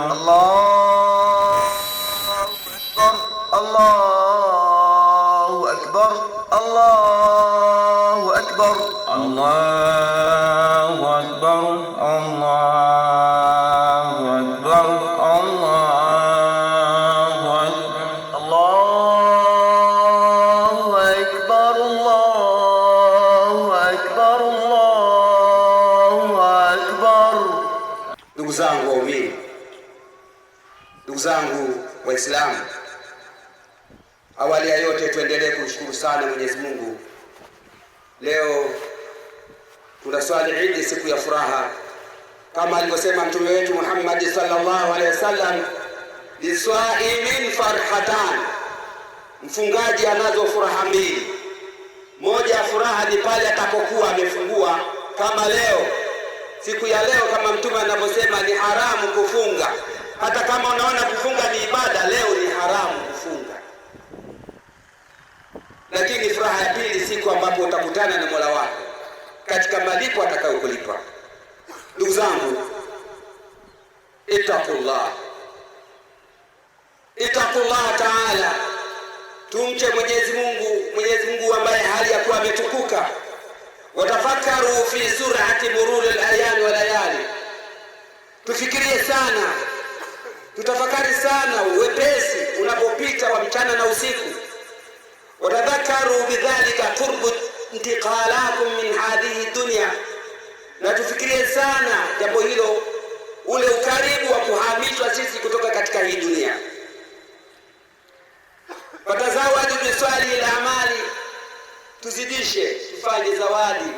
الله أكبر الله أكبر الله أكبر الله أكبر الله أكبر الله أكبر الله أكبر الله أكبر الله أكبر نقزان قومين zangu Waislamu, awali ya yote tuendelee kumshukuru sana Mwenyezi Mungu. Leo tunaswali Idi, siku ya furaha, kama alivyosema mtume wetu Muhammad sallallahu alaihi wasallam, liswaimin farhatan, mfungaji anazo furaha mbili. Moja ya furaha ni pale atakokuwa amefungua, kama leo, siku ya leo, kama mtume anavyosema, ni haramu kufunga hata kama unaona kufunga ni ibada, leo ni haramu kufunga. Lakini furaha ya pili, siku ambapo utakutana na Mola wako katika malipo atakayokulipa. Ndugu zangu, itakullah itakullah taala, tumche Mwenyezi Mungu, Mwenyezi Mungu ambaye hali ya kuwa ametukuka. Watafakaru fi surati mururi al tutafakari sana uwepesi unapopita kwa mchana na usiku. watadhakaru bidhalika qurbu intiqalakum min hadhihi dunya, na tufikirie sana jambo hilo, ule ukaribu wa kuhamishwa sisi kutoka katika hii dunia. watazawadi biswali ila amali, tuzidishe tufanye zawadi,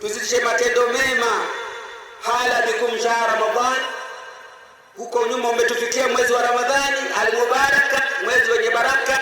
tuzidishe matendo mema. hala bikum shahra Ramadhan huko nyuma umetufikia mwezi wa Ramadhani almubaraka, mwezi wenye baraka,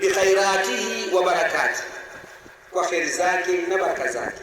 bikhairatihi wa barakati, kwa kheri zake na baraka zake.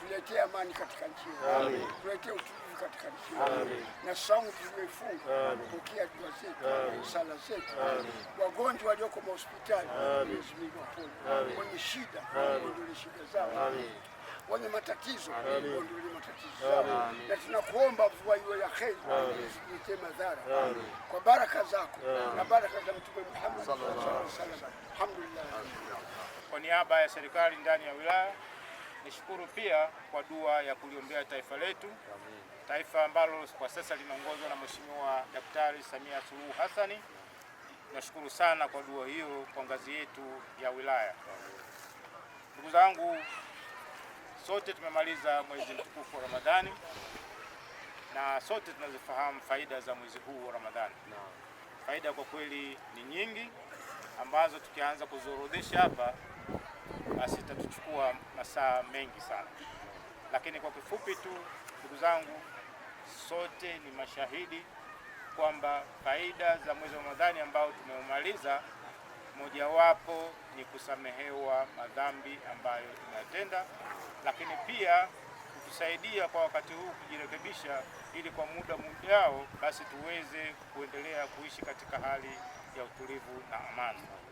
tuletee amani katika nchi yetu, tuletee utulivu katika nchi yetu, na saumu tuliyoifunga kupokea dua zetu, sala zetu, wagonjwa walioko mahospitali Mwenyezi Mungu wapone, wenye shida waondolee shida zao wenye matatizo ondole matatizo zao, na tunakuomba mvua iwe ya kheri, usilete madhara, kwa baraka zako na baraka za Mtume Muhammad sallallahu alaihi wasallam. Alhamdulillah, kwa niaba ya serikali ndani ya wilaya Nishukuru pia kwa dua ya kuliombea taifa letu, taifa ambalo kwa sasa linaongozwa na Mheshimiwa Daktari Samia Suluhu Hassani. Nashukuru sana kwa dua hiyo kwa ngazi yetu ya wilaya. Ndugu zangu, sote tumemaliza mwezi mtukufu wa Ramadhani na sote tunazifahamu faida za mwezi huu wa Ramadhani. Faida kwa kweli ni nyingi ambazo tukianza kuziorodhesha hapa basi kuchukua masaa mengi sana, lakini kwa kifupi tu, ndugu zangu, sote ni mashahidi kwamba faida za mwezi wa Ramadhani ambao tumeumaliza mojawapo ni kusamehewa madhambi ambayo tunayatenda, lakini pia kutusaidia kwa wakati huu kujirekebisha, ili kwa muda mjao basi tuweze kuendelea kuishi katika hali ya utulivu na amani.